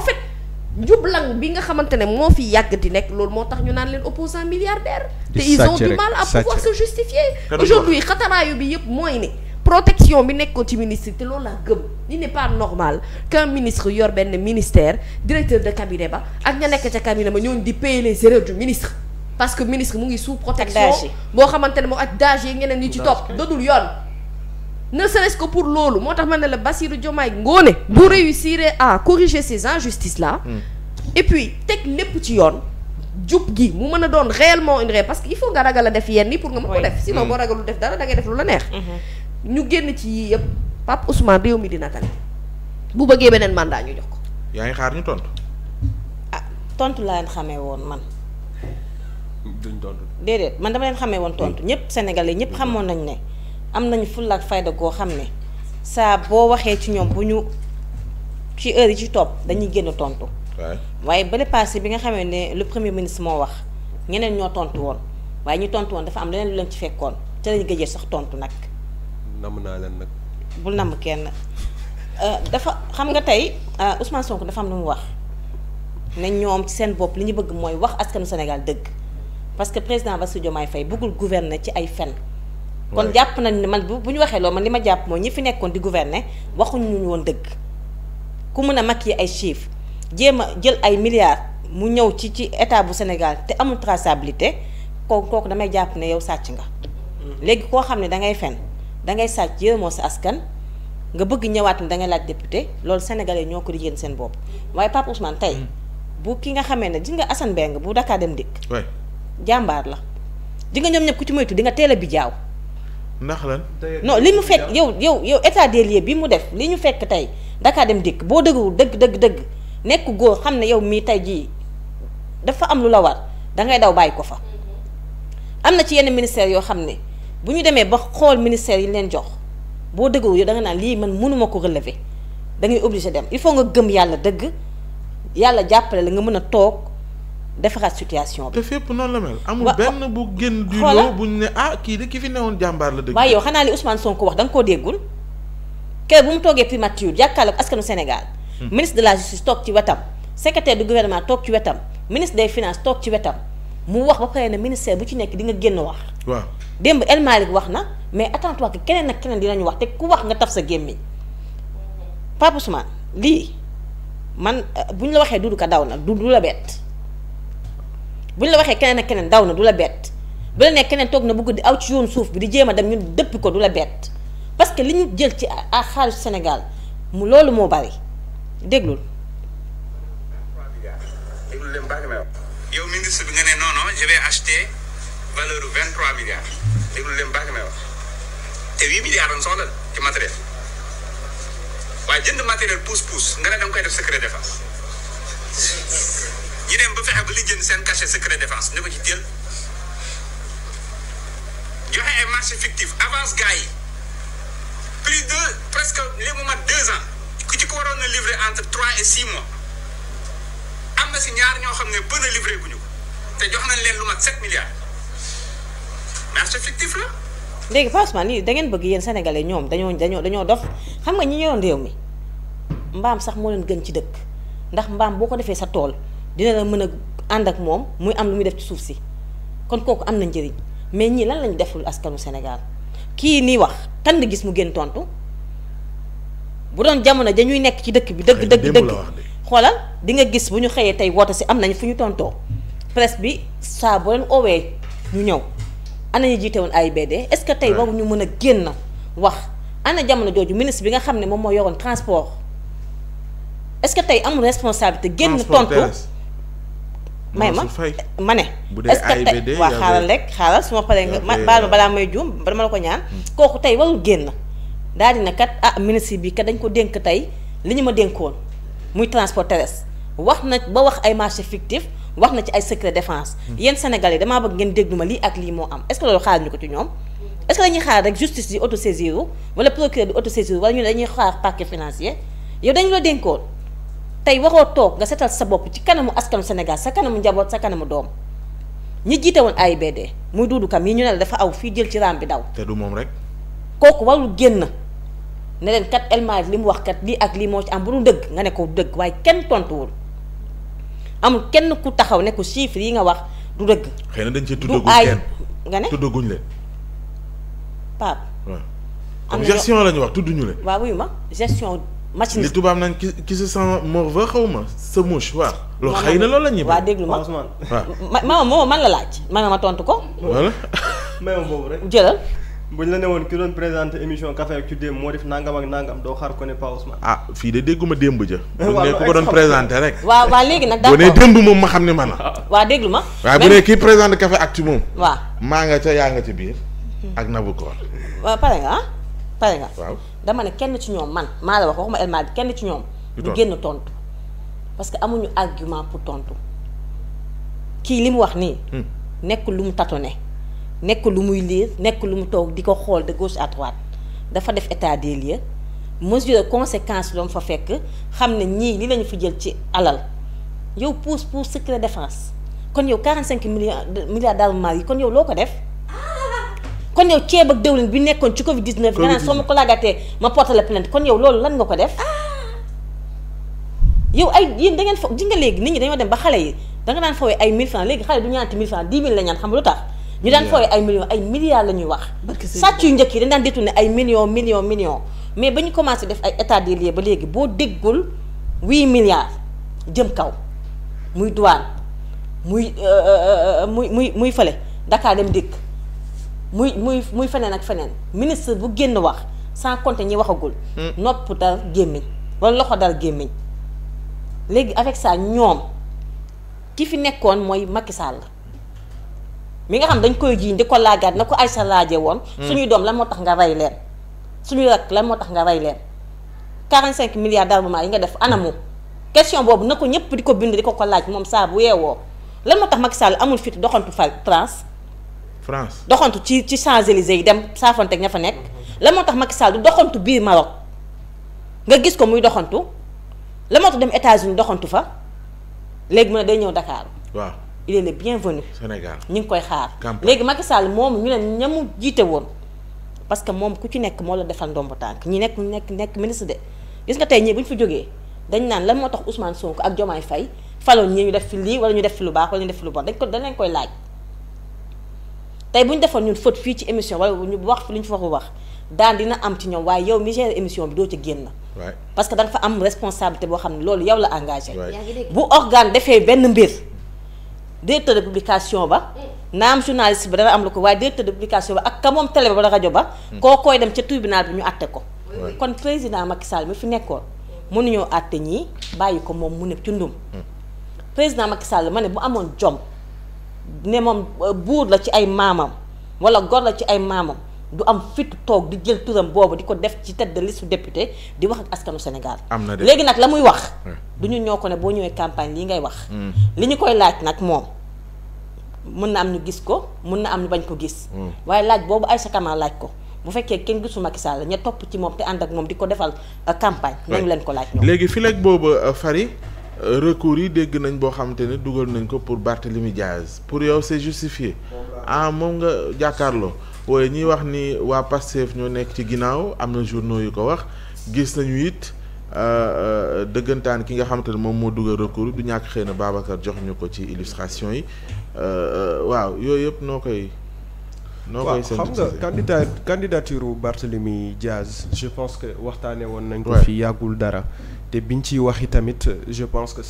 en fait njublang bi nga xamante ne moo fi yàggati nekk loolu moo tax ñu naan leen opposant milliardaire te ils du mal à pouvoir justifier aujourd'hui xataraayu bi yëpp mooy ni protection bi nekkoon ci ministre te loolu laa gëm il n'est pas normal qu'un ministre yor benn ministère directeur de cabinet ba ak ña nekk ca cabinet ba ñooñu di payer les erreurs du ministre parce que ministre mu ngi sous protection boo xamante ne moom ak dage yi ngeneen ñi ci topp dadul yoon ne serait ko pour loolu moo tax ma ne la Bassirou Diomaye Ngone bu réussir à corriger ces injustices là mm. et puis teg lépp ci yoon jub gi mu mën a doon réellement une ré parce que il faut nga ragal a def yenn yi pour nga mën ko def sinon mm. boo ragalu def dara da def lu la neex mm-hmm. ñu génn ci yii yëpp Pape Ousmane réew mi dina tane bu bëggee beneen mandat ñu jox ko yaa ngi xaar ñu tontu ah tontu laa leen xamee woon man duñ tontu déedéet man dama leen xamee woon tontu ñëpp sénégalais ñëpp xamoon nañ ne am nañu fulla ak fayda goo xam ne saa boo waxee ci ñoom bu ñu ci heure yi ci topp dañuy génn tontu. waaye bale passé bi nga xamee ne le premier ministre moo wax ñeneen ñoo tontu woon waaye ñu tontu woon dafa am leneen lu leen ci fekkoon ca lañu gëjee sax tontu nag. namm naa leen nag. bul namm kenn euh, dafa xam nga tey euh, Ousmane Sonko dafa am lu mu wax ne ñoom ci seen bopp li ñu bëgg mooy wax askanu Sénégal dëgg parce que président Bassirou Diomaye Faye bëggul gouverner ci ay fen. kon jàpp nañ ne man bu ñu waxee loolu man li ma jàpp mooy ñi fi nekkoon di gouverner waxuñu ñu woon dëgg ku mën a mag yi ay chiffres jéem a jël ay milliards mu ñëw ci ci état bu Sénégal te amul traçabilité kooku kooku damay jàpp ne yow sàcc nga. Mm. léegi koo xam ne da ngay fen da ngay sàcc yërëmoo sa askan nga bëgg ñëwaat ne da ngay laaj député loolu sénégalais ñoo ko di yéen seen bopp waaye Pape Ousmane tey. Mm. bu ki nga xamee ne di nga Assane Mbengue bu Dakar dem dikk. jàmbaar la di nga ñoom ñëpp ku ci moytu di nga teel a bijaaw ndax lan. non li mu fekk yow yow yow état des bi mu def li ñu fekk tey Dakar dem dikk boo dëgguwul dëgg dëgg nekk góor xam ne yow mii tey jii dafa am lu la war da ngay daw bàyyi ko fa. am na ci yenn ministère yoo xam ne bu ñu demee ba xool ministère yi leen jox boo dëgguwul yow da naan lii man mënuma ko relever da ngay obligé dem il faut nga gëm yàlla dëgg yàlla jàppale la nga mën a toog. defaraat situation bi. te fépp noonu la mel. amul benn bu génn. du loo buñ ne ah kii de ki fi newoon jàmbaar la. dëgg waaye yow xanaa li Ousmane Sonko wax da nga koo déggul kër bu mu toogee primature jàkkaarloog askanu Sénégal. Hmm. ministre de la justice toog ci wetam. secrétaire du gouvernement toog ci wetam. ministre des finances toog ci wetam. mu wax ba pare ne ministère bu ci nekk dinga génn wax. waaw démb El Malick wax na mais attends-toi que keneen ak keneen dinañu wax te ku wax nga taf sa gémmiñ Papa lii man eh, bu ñu la waxee Doudou Ka daw na du la bett. bu ñu la waxee keneen ak keneen daw na du la bett bu la nee keneen toog na bu guddi aw ci yoon suuf bi di jéem a dem ñun dëpp ko du la bett parce que li ñu jël ci à xaalis senegal mu loolu moo bari déglul. yow ministre bi nga ne non non je vais acheter valeur bu 23 milliards déglu leen baax may te 8 milliards nga ne da koy def secret défense. ñu ba fexe ba li jënd seen cachet secret défense ne ko ci jël joxe ay marché fictif avance gars yi plus de presque li mu mat deux ans ku ci ko waroon na livrer entre trois et six mois am na si ñaar ñoo xam ne bën a livré bu ñu ko te jox nañ leen lu mat sept milliards marché fictif la. léegi franchement nii da ngeen bëgg yéen sénégalais ñoom dañoo dañoo dañoo dof xam nga ñi ñoroon réew mi mbaam sax moo leen gën ci dëkk ndax mbaam boo ko defee sa tool. dina la mën a ànd ak moom muy am lu muy def ci suuf si kon kooku am na njëriñ mais ñii lan lañu deful askanu Sénégal kii nii wax kan nga gis mu génn tontu bu doon jamono dañuy nekk ci dëkk bi dëgg dëgg dëgg xoolal di nga gis bu ñu xëyee tey woote si am nañ fu ñu tontoo presse bi saa boo leen oowee ñu ñëw na ñu jiite woon AIBD est-ce que tey ñu mën a génn wax ana jamono jooju ministre bi nga xam ne moom mooy yoroon transport est-ce que tey amul responsabilité génn tontu may ma ma ne est-ce que tey waa xaaral rek xaaral su ma paree nga ma baal ma balaa may juum dama la ko ñaan hmm. kooku tey warul génn daal na kat ah ministre bii kat dañ ko dénk tey li ñu ma dénkoon muy transport terrestre wax na ba wax ay marché fictif wax na ci ay secret défense hmm. yéen sénégalais damaa bëgg ngeen déglu ma lii ak lii moo am est-ce loolu xaar ñu ko ci ñoom est-ce que dañuy xaar rek justice di autosaisir wala procureur di autosaisir wala ñu dañuy xaar parquet financier yow dañu la dénkoon tey waxoo toog nga setal sa bopp ci kanamu askanu Sénégal sa kanamu njaboot sa kanamu doom ñi jiite woon AIBD muy Doudou Kam yi ñu ne la dafa aw fii jël ci raam bi daw. te du moom rek. kooku warul génn ne leen kat El li mu wax kat lii ak lii moo ci am bu dul dëgg nga ne ko dëgg waaye kenn tontuwul amul kenn ku taxaw ne ko chiffre yi nga wax du dëgg. xëy na dañ cee tuddaguñ kenn nga ne tuddaguñ leen. Pape. am gestion la ñu wax tudduñu leen. waaw ma gestion. machine li tubaab naan ki ki si sans morve xaw ma sa mouche waaw. loolu xëy na loolu la ñuy. waaw déglu ma ma ma ma man la laaj. ma tontu ko. voilà. mayam rek jëlal. bu la ne woon ki doon présenté émission café ci démb moo def nangam nangam doo xaar ko ne Pa Ousmane. ah fii de dégguma démb ja. waaw ne doon présenté rek. waaw waaw nag. d'accord bu ne démb ma xam ne man la. waaw déglu ma. waaw bu ne kii présenté café ak ci maa nga ca yaa nga ca biir. ak Nabou Cor. pare nga ah? par exemple waaw dama ne kenn ci ñoom man maa la wax waxuma elma bi kenn ci ñoom du génn tontu parce que amuñu argument pour tontu kii li mu wax nii hmm. nekk lu mu tâtonné nekk lu muy lire nekk lu mu toog di ko xool de gauche à droite dafa def état des lieux mesure de conséquence loom fa fekk xam ne ñii li lañu fi jël ci alal yow pousse pour secret defence kon yow 45 millions milliards d'armement yi kon yow loo ko def kon yow ceeb ak dëwlin bi nekkoon ci Covid 19. nga naan soo ma ko laajaatee ma porté la kon yow loolu lan nga ko def. Ah. yow ay yii da ngeen fo ji nga léegi nit ñi dañoo dem ba xale yi danga daan fowee ay 1000 francs léegi xale du ñaanti 1000 francs 10 000 la ñaan xam lu tax. ñu daan fowee ay millions ay milliards la yu njëkk yi dañ daan détourné ay millions millions millions. mais ba ñu commencé def ay état des lieux ba léegi boo déggul 8 milliards jëm kaw muy douane muy euh, euh, euh, muy muy muy fële Dakar dem dikk. muy muy muy feneen ak feneen ministre bu génn wax sans compter ñi waxagul. Hmm. nopp dal gémmiñ loxo dal gémmiñ léegi avec saa ñoom ki fi nekkoon mooy Macky Sall mi nga xam dañ koy jiiñ di ko laagaat na ko ay sa laaje woon. Hmm. suñuy doom lan moo tax nga rey leen. suñuy lan moo tax nga rey leen 45 milliards d'armement yi nga def anamu question boobu na ko ñëpp di ko bind di ko ko laaj moom saa bu weewoo lan moo tax Macky Sall amul fit doxantu fa trans France doxantu ci ci Champs-Élysées yi dem saafante ak ña fa nekk la moo tax Macky Sall du doxantu biir Maroc nga gis ko muy doxantu la moo tax dem États-Unis doxantu fa léegi mu day ñëw Dakar. waaw il ñu ngi koy xaar léegi Macky Sall moom ñu ne ñamu jiite woon parce que moom ku ci nekk moo la defal ndombo tànk ñi nekk nekk nekk ministre de gis nga tey ñii bu ñu fa jógee dañ naan la moo tax Ousmane Sonko ak Diomaye Faye faloon ñii ñu def fi lii wala ñu def fi lu baax wala ñu def fi lu bon dañ ko dañ leen koy laaj tey bu ñu defoon ñun fët fii ci émission wala ñu wax fi li ñu fa wax daan dina am ci ñoom waaye yow mi gère émission bi doo ci génn. parce que da fa am responsabilité boo xam ne loolu yow la engagé. bu organe defee benn mbir. directeur de publication ba. Mm. naam journaliste bi dana am la ko waaye directeur de publication ba ak ka moom télé ba rajo ba. Mm. koo koy dem ca tribunal bi ñu àtte ko. kon président Macky Sall mi fi nekkoon. mënuñoo àtte ñii bàyyi ko moom mu ne cundum. Mm. président Macky Sall ma ne bu amoon jom. ne moom euh, buur la ci ay maamam wala gor la ci ay maamam du am fit toog di jël turam boobu di ko def ci tête de liste député di wax ak askanu senegal am na léegi nag la muy wax. du ñu ñoo ko ne boo ñëwee campagne lii ngay wax. Mm. li ñu koy laaj nag moom mën na am ñu gis ko mun na am ñu bañ ko gis. Mm. waaye laaj boobu Aïssa Camara laaj ko. bu fekkee kenn gisu Macky Sall ña topp ci moom te ànd ak moom di ko defal euh, campagne. nañu leen ko laaj ñoom léegi fileeg boobu euh, Fary. recours yi dégg nañ boo xamante ne dugal nañ ko pour Barthélemy Diaz pour yow c'est justifié ah moom nga jàkkaarloo waaye ñuy wax ni waa Pastef ñoo nekk ci ginnaaw am na journaux yu ko wax gis nañu it euh, euh, dëggantaan ki nga xamante ne moom moo dugal recours du ñàkk xëy na Babacar jox ñu ko ci illustration yi euh, waaw yooyu yëpp noo koy noo koy seen xam nga candidat candidature je pense que waxtaanee woon nañ ko fi yàggul dara te biñ ciy wax tamit je pense que